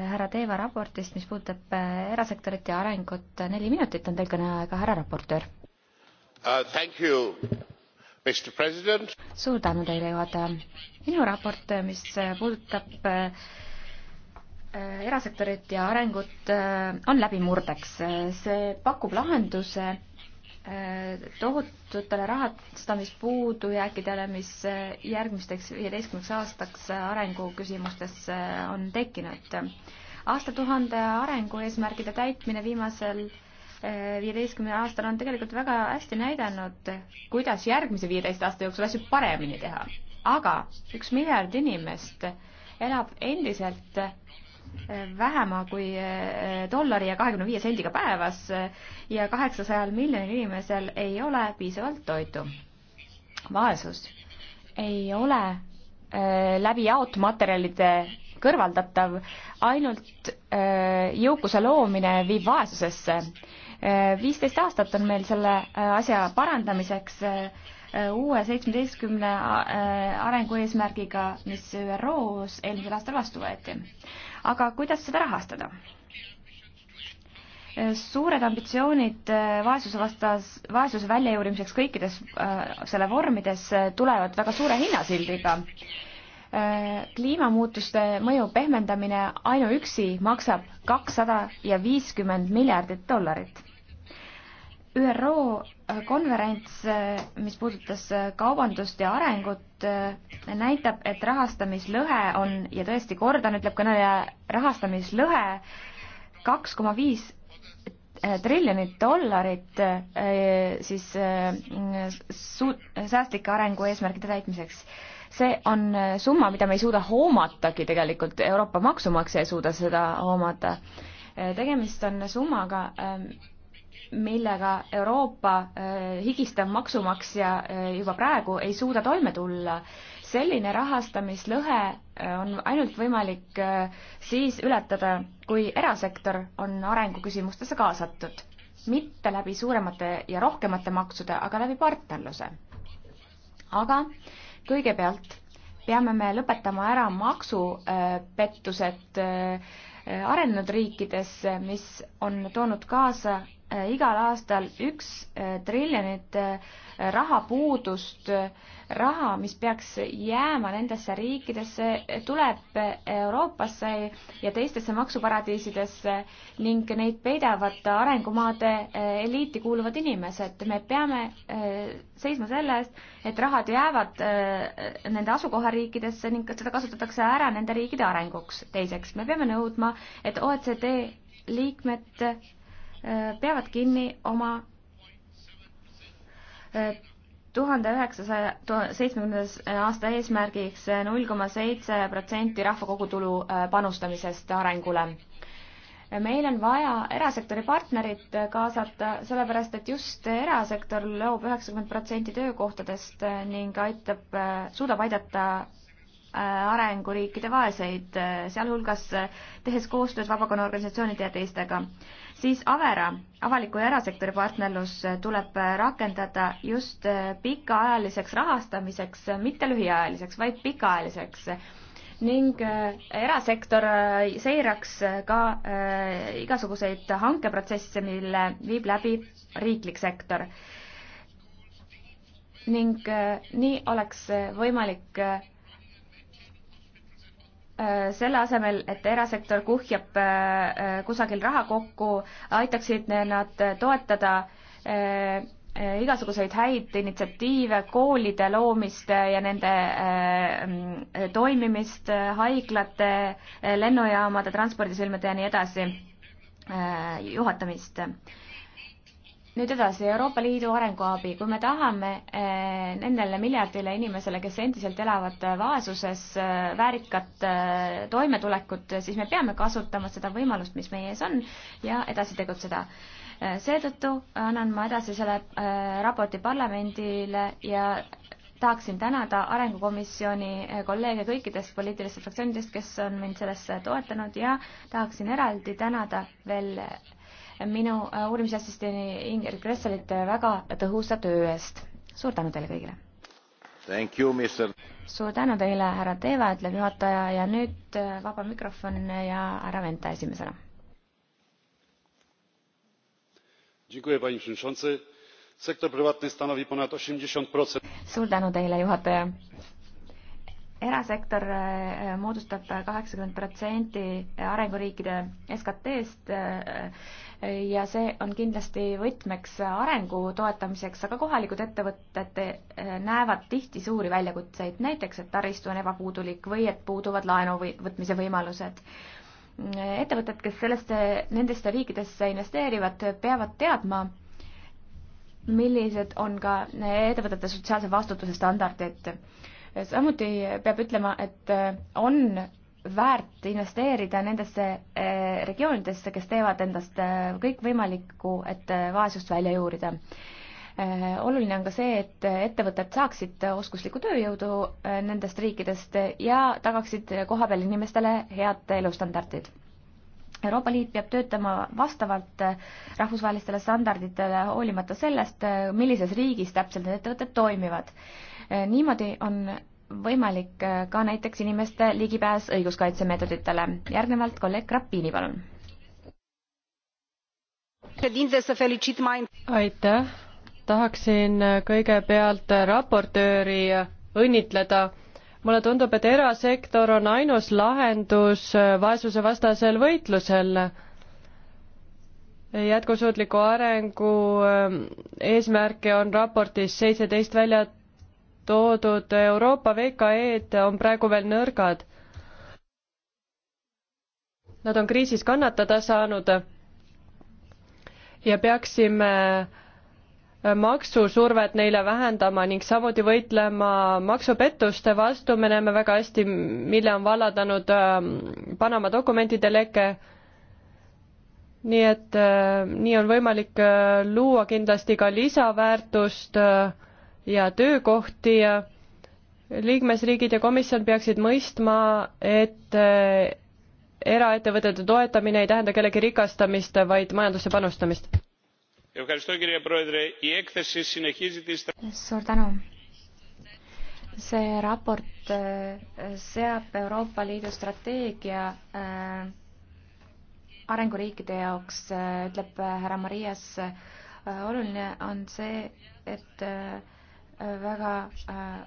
härra Teeva raportist, mis puudutab äh, erasektorit ja arengut. neli minutit on teil kõneaega, härra raportöör uh,. suur tänu teile, juhataja. minu raport, äh, mis äh, puudutab erasektorit ja arengut, on läbimurdeks. see pakub lahenduse Äh, tohututele rahastamispuudujääkidele, mis äh, järgmisteks viieteistkümneks aastaks äh, arenguküsimustes on tekkinud. aastatuhande arengueesmärgide täitmine viimasel viieteistkümnel aastal on tegelikult väga hästi näidanud, kuidas järgmise viieteist aasta jooksul asju paremini teha. aga üks miljard inimest elab endiselt vähema kui eh, dollari ja kahekümne viie sendiga päevas eh, ja kaheksasajal miljonil inimesel ei ole piisavalt toitu. vaesus ei ole eh, läbi jaotmaterjalide kõrvaldatav, ainult jõukuse loomine viib vaesusesse. viisteist aastat on meil selle asja parandamiseks uue seitsmeteistkümne arengueesmärgiga, mis ÜRO-s eelmisel aastal vastu võeti aga kuidas seda rahastada? suured ambitsioonid äh, vaesuse vastas, vaesuse väljajuurimiseks kõikides äh, selle vormides äh, tulevad väga suure hinnasildiga. kliimamuutuste mõju pehmendamine ainuüksi maksab kakssada ja viiskümmend miljardit dollarit ÜRO konverents, mis puudutas kaubandust ja arengut, näitab, et rahastamislõhe on ja tõesti, kordan, ütleb kõneleja, rahastamislõhe kaks koma viis triljonit dollarit eh, siis eh, su-, säästlike arengu eesmärkide täitmiseks. see on summa, mida me ei suuda hoomatagi tegelikult, Euroopa maksumaksja ei suuda seda hoomata. Eh, tegemist on summaga, millega Euroopa äh, higistav maksumaksja äh, juba praegu ei suuda toime tulla. selline rahastamislõhe äh, on ainult võimalik siis ületada, kui erasektor on arenguküsimustesse kaasatud. mitte läbi suuremate ja rohkemate maksude, aga läbi partnerluse. aga kõigepealt peame me lõpetama ära maksupettused arenenud riikides, mis on toonud kaasa Äh, igal aastal üks äh, triljonit äh, rahapuudust, raha, mis peaks jääma nendesse riikidesse, tuleb Euroopasse ja teistesse maksuparadiisidesse ning neid peidavad arengumaade eliiti kuuluvad inimesed. me peame seisma selle eest, et rahad jäävad nende asukohariikidesse ning seda kasutatakse ära nende riikide arenguks. teiseks, me peame nõudma, et OECD liikmed Äh, peavad kinni oma äh, tuhande üheksasaja seitsmekümnendas aasta eesmärgiks äh, null koma seitse protsenti rahvakogutulu panustamisest arengule. meil on vaja erasektori partnerit kaasata, sellepärast et just erasektor loob üheksakümmend protsenti töökohtadest ning aitab, suudab aidata Äh, arenguriikide vaeseid, äh, sealhulgas äh, tehes koostööd vabakonna organisatsioonide ja teistega. siis Avera, avaliku ja erasektori partnerlus tuleb rakendada just pikaajaliseks rahastamiseks, mitte lühiajaliseks, vaid pikaajaliseks ning erasektor seiraks ka igasuguseid hankeprotsesse, mille viib läbi riiklik sektor. ning nii oleks võimalik Äh, selle asemel, et erasektor kuhjab äh, äh, kusagil raha kokku, aitaksid nad toetada igasuguseid häid initsiatiive, koolide loomist ja nende mm, toimimist, haiglate, lennujaamade, transpordisõlmede ja nii edasi juhatamist nüüd edasi, Euroopa Liidu arenguabi, kui me tahame eh, nendele miljardile inimesele, kes endiselt elavad eh, vaesuses, eh, väärikat toimetulekut, siis me peame kasutama seda võimalust, mis meie ees on ja edasi tegutseda seetõttu annan ma edasi selle raporti parlamendile ja tahaksin tänada Arengukomisjoni kolleege kõikidest poliitilistest fraktsioonidest, kes on mind selles toetanud ja tahaksin eraldi tänada veel minu äh, uurimisassistendi Inger Kresselit äh, väga tõhusa töö eest. suur tänu teile kõigile! suur tänu teile, härra Teeva, ütleb juhataja ja nüüd äh, vaba mikrofon ja härra Venta esimesena. suur tänu teile, juhataja erasektor äh, moodustab kaheksakümmend protsenti arenguriikide SKT-st äh, ja see on kindlasti võtmeks arengu toetamiseks, aga kohalikud ettevõtted äh, näevad tihti suuri väljakutseid, näiteks et taristu on ebapuudulik või et puuduvad laenu või võtmise võimalused ettevõtted, kes sellesse, nendesse riikidesse investeerivad, peavad teadma, millised on ka ettevõtete sotsiaalse vastutuse standardid samuti peab ütlema, et eh, on väärt investeerida nendesse eh, regioonidesse, kes teevad endast eh, kõikvõimalikku, et vaesust välja juurida. oluline on ka see, et ettevõtted saaksid oskuslikku tööjõudu nendest riikidest ja tagaksid kohapeal inimestele head elustandardid Euroopa Liit peab töötama vastavalt rahvusvahelistele standarditele, hoolimata sellest, millises riigis täpselt need ettevõtted toimivad. Eh, niimoodi on võimalik eh, ka näiteks inimeste ligipääs õiguskaitsemeetoditele. järgnevalt kolleeg Grappini, palun. aitäh, tahaksin eh, kõigepealt raportööri õnnitleda. mulle tundub, et erasektor on ainus lahendus vaesusevastasel võitlusel jätkusuutliku arengu eesmärke on raportis seitseteist välja toodud Euroopa VKE-d on praegu veel nõrgad. Nad on kriisis kannatada saanud ja peaksime äh, maksusurvet neile vähendama ning samuti võitlema maksupettuste vastu, me näeme väga hästi, mille on vallandanud ähm, Panama dokumentide leke. nii et äh, nii on võimalik äh, luua kindlasti ka lisaväärtust äh, ja töökohti. liikmesriigid ja komisjon peaksid mõistma, et äh, eraettevõtete toetamine ei tähenda kellegi rikastamist, vaid majandusse panustamist. suur tänu see raport äh, seab Euroopa Liidu strateegia äh, arenguriikide jaoks, ütleb härra Marias, oluline on see, et väga äh,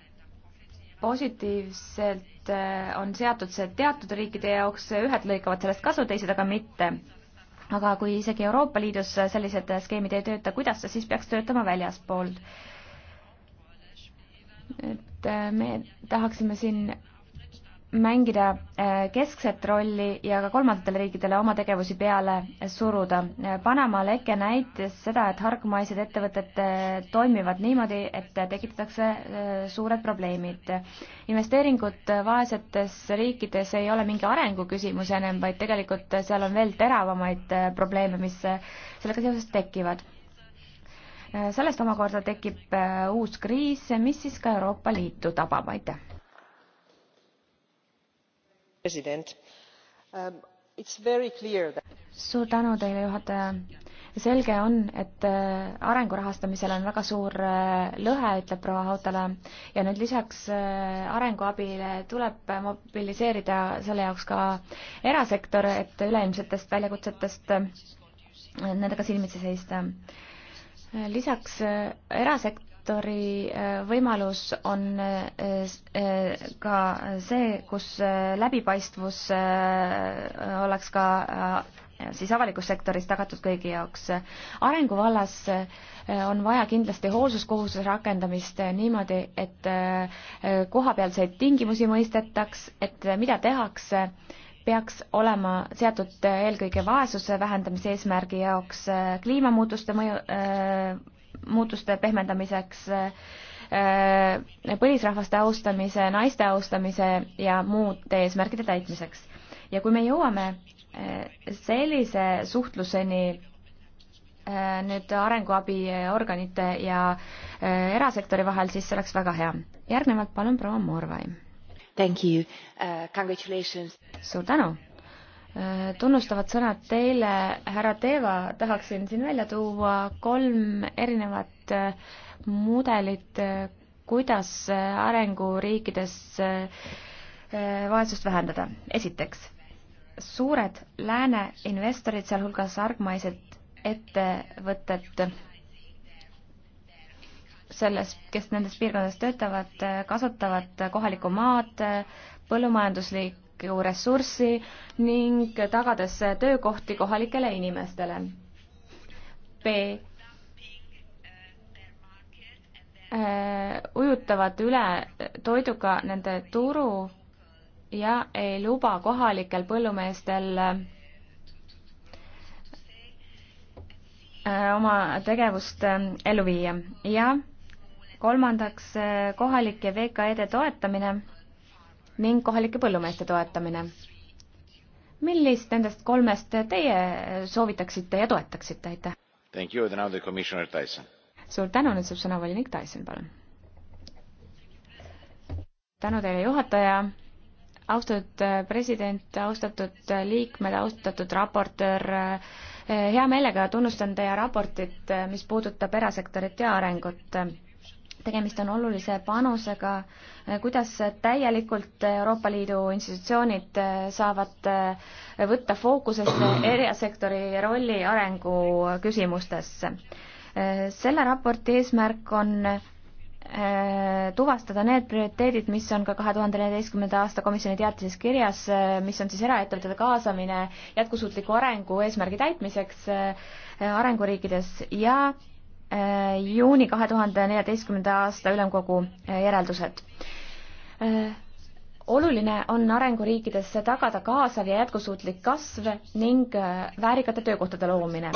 positiivselt äh, on seatud see teatud riikide jaoks, ühed lõikavad sellest kasu, teised aga mitte. aga kui isegi Euroopa Liidus sellised skeemid ei tööta, kuidas see siis peaks töötama väljaspool? et äh, me tahaksime siin mängida äh, keskset rolli ja ka kolmandatele riikidele oma tegevusi peale suruda. Äh, Panama leke näitas seda, et hargmaised ettevõtted äh, toimivad niimoodi, et tekitatakse suured probleemid. investeeringud vaesetes riikides ei ole mingi arenguküsimus enam, vaid tegelikult seal on veel teravamaid probleeme, mis sellega seoses tekivad. sellest omakorda tekib uus kriis, mis siis ka Euroopa Liitu tabab, aitäh! Um, suur tänu teile, juhataja. selge on, et äh, arengu rahastamisel on väga suur äh, lõhe, ütleb proua Hautala, ja nüüd lisaks äh, arenguabile tuleb mobiliseerida selle jaoks ka erasektor, et üleilmsetest väljakutsetest nendega silmitsi seista. lisaks erasektor sektori äh, võimalus on äh, äh, ka see, kus läbipaistvus oleks ka siis avalikus sektoris tagatud kõigi jaoks. arengu vallas on vaja kindlasti hoolsuskohustuse rakendamist niimoodi, et kohapealseid tingimusi mõistetaks, et mida tehakse, peaks olema seatud eelkõige vaesuse vähendamise eesmärgi jaoks kliimamuutuste mõju, muutuste pehmendamiseks, äh, äh, põlisrahvaste austamise, naiste austamise ja muude eesmärkide täitmiseks. ja kui me jõuame äh, sellise suhtluseni nüüd arenguabiorganite ja erasektori vahel, siis see oleks väga hea. järgnevalt palun proua Morvai. Thank you uh,, congratulations. suur tänu tunnustavad sõnad teile, härra Teeva, tahaksin siin välja tuua kolm erinevat äh, mudelit, äh, kuidas äh, arenguriikides vaesust vähendada. esiteks, suured lääne investorid, sealhulgas argmaised ettevõtted, selles, kes nendes piirkondades töötavad, kasutavad kohalikku maad, põllumajanduslik vajalikku ressurssi ning tagades töökohti kohalikele inimestele. B äh, ujutavad üle toiduga nende turu ja ei luba kohalikel põllumeestel äh, oma tegevust äh, ellu viia ja kolmandaks kohalike VKE-de toetamine ning kohalike põllumeeste toetamine. millist nendest kolmest teie soovitaksite ja toetaksite, aitäh! suur tänu, nüüd saab sõna volinik Tyson, palun. tänu teile, juhataja, austatud äh, president, austatud äh, liikmed, austatud raportöör, äh, hea meelega tunnustan teie raportit, mis puudutab erasektorit ja arengut tegemist on olulise panusega, kuidas täielikult Euroopa Liidu institutsioonid saavad võtta fookusesse erasektori rolli arengu küsimustesse. selle raporti eesmärk on äh, tuvastada need prioriteedid, mis on ka kahe tuhande neljateistkümnenda aasta komisjoni teatises kirjas, äh, mis on siis eraettevõtete kaasamine jätkusuutliku arengu eesmärgi täitmiseks äh, arenguriikides ja Äh, juuni kahe tuhande neljateistkümnenda aasta ülemkogu äh, järeldused. Äh, oluline on arenguriikides tagada kaasav ja jätkusuutlik kasv ning väärikate töökohtade loomine.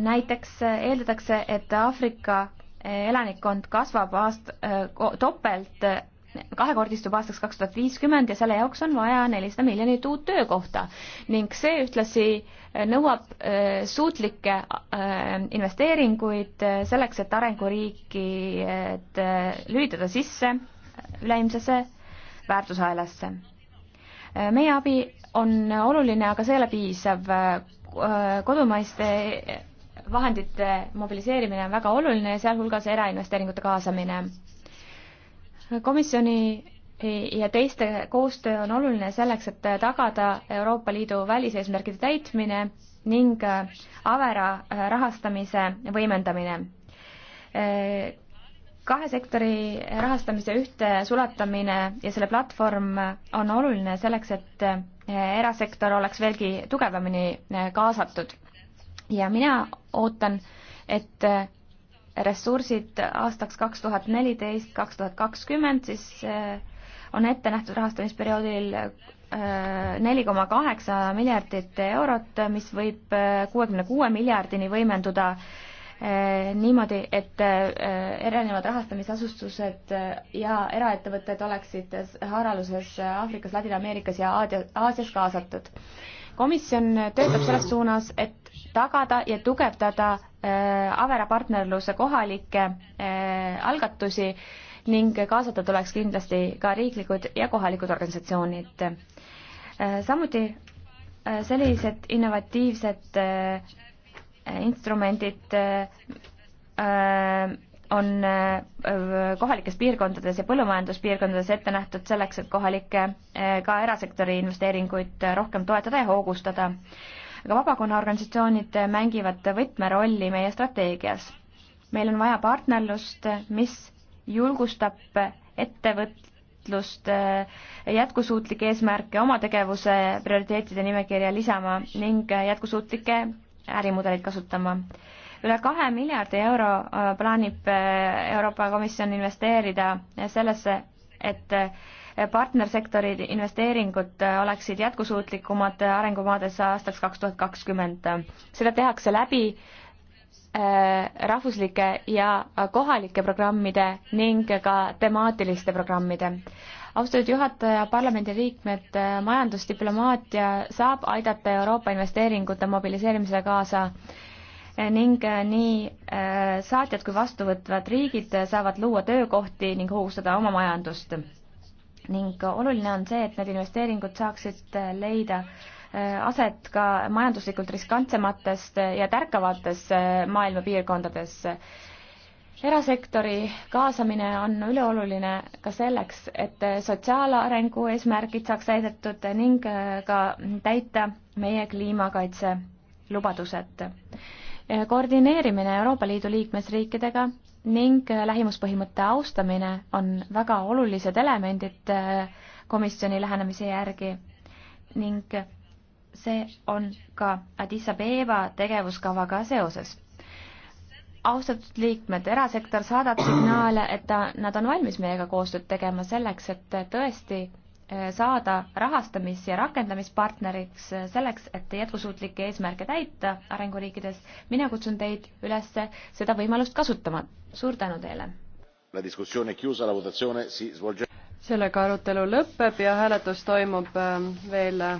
näiteks eeldatakse, et Aafrika elanikkond kasvab aast-, topelt kahekordistub aastaks kaks tuhat viiskümmend ja selle jaoks on vaja nelisada miljonit uut töökohta ning see ühtlasi äh, nõuab äh, suutlikke äh, investeeringuid selleks, et arenguriigid lülitada sisse üleilmsesse väärtusahelasse. meie abi on oluline, aga see ei ole piisav. kodumaiste vahendite mobiliseerimine on väga oluline ja sealhulgas erainvesteeringute kaasamine komisjoni ja teiste koostöö on oluline selleks, et tagada Euroopa Liidu väliseesmärgide täitmine ning äh, avera äh, rahastamise võimendamine. Äh, kahe sektori rahastamise ühte sulatamine ja selle platvorm on oluline selleks, et erasektor oleks veelgi tugevamini kaasatud. ja mina ootan, et ressursid aastaks kaks tuhat neliteist, kaks tuhat kakskümmend, siis äh, on ette nähtud rahastamisperioodil äh, neli koma kaheksa miljardit eurot, mis võib äh, kuuekümne kuue miljardini võimenduda niimoodi, et erinevad rahastamisasutused ja eraettevõtted oleksid haaraluses Aafrikas, Ladina-Ameerikas ja Aasias kaasatud. komisjon töötab selles suunas, et tagada ja tugevdada äh, Avera partnerluse kohalikke äh, algatusi ning kaasata tuleks kindlasti ka riiklikud ja kohalikud organisatsioonid. Äh, samuti sellised innovatiivsed instrumendid on kohalikes piirkondades ja põllumajanduspiirkondades ette nähtud selleks, et kohalikke, ka erasektori investeeringuid rohkem toetada ja hoogustada aga vabakonnaorganisatsioonid mängivad võtmerolli meie strateegias. meil on vaja partnerlust, mis julgustab ettevõtlust eh, jätkusuutlikke eesmärke oma tegevuse prioriteetide nimekirja lisama ning jätkusuutlikke ärimudeleid kasutama. üle kahe miljardi euro eh, plaanib eh, Euroopa Komisjon investeerida sellesse, et partnersektori investeeringud oleksid jätkusuutlikumad arengumaades aastaks kaks tuhat kakskümmend. seda tehakse läbi äh, rahvuslike ja kohalike programmide ning ka temaatiliste programmide. austatud juhataja, parlamendiliikmed, majandusdiplomaatia saab aidata Euroopa investeeringute mobiliseerimisele kaasa ning nii äh, saatjad kui vastuvõtvad riigid saavad luua töökohti ning hoogustada oma majandust ning oluline on see, et need investeeringud saaksid äh, leida äh, aset ka majanduslikult riskantsematest ja tärkavates äh, maailma piirkondades. erasektori kaasamine on üleoluline ka selleks, et sotsiaalarengu eesmärgid saaks täidetud ning ka täita meie kliimakaitse lubadused. koordineerimine Euroopa Liidu liikmesriikidega ning lähimuspõhimõtte austamine on väga olulised elemendid äh, komisjoni lähenemise järgi ning see on ka Addis Abeba tegevuskavaga seoses. austatud liikmed, erasektor saadab signaale, et ta, nad on valmis meiega koostööd tegema selleks, et tõesti saada rahastamis- ja rakendamispartneriks selleks, et jätkusuutlikke eesmärke täita arenguriikides. mina kutsun teid üles seda võimalust kasutama. suur tänu teile! sellega arutelu lõpeb ja hääletus toimub äh, veel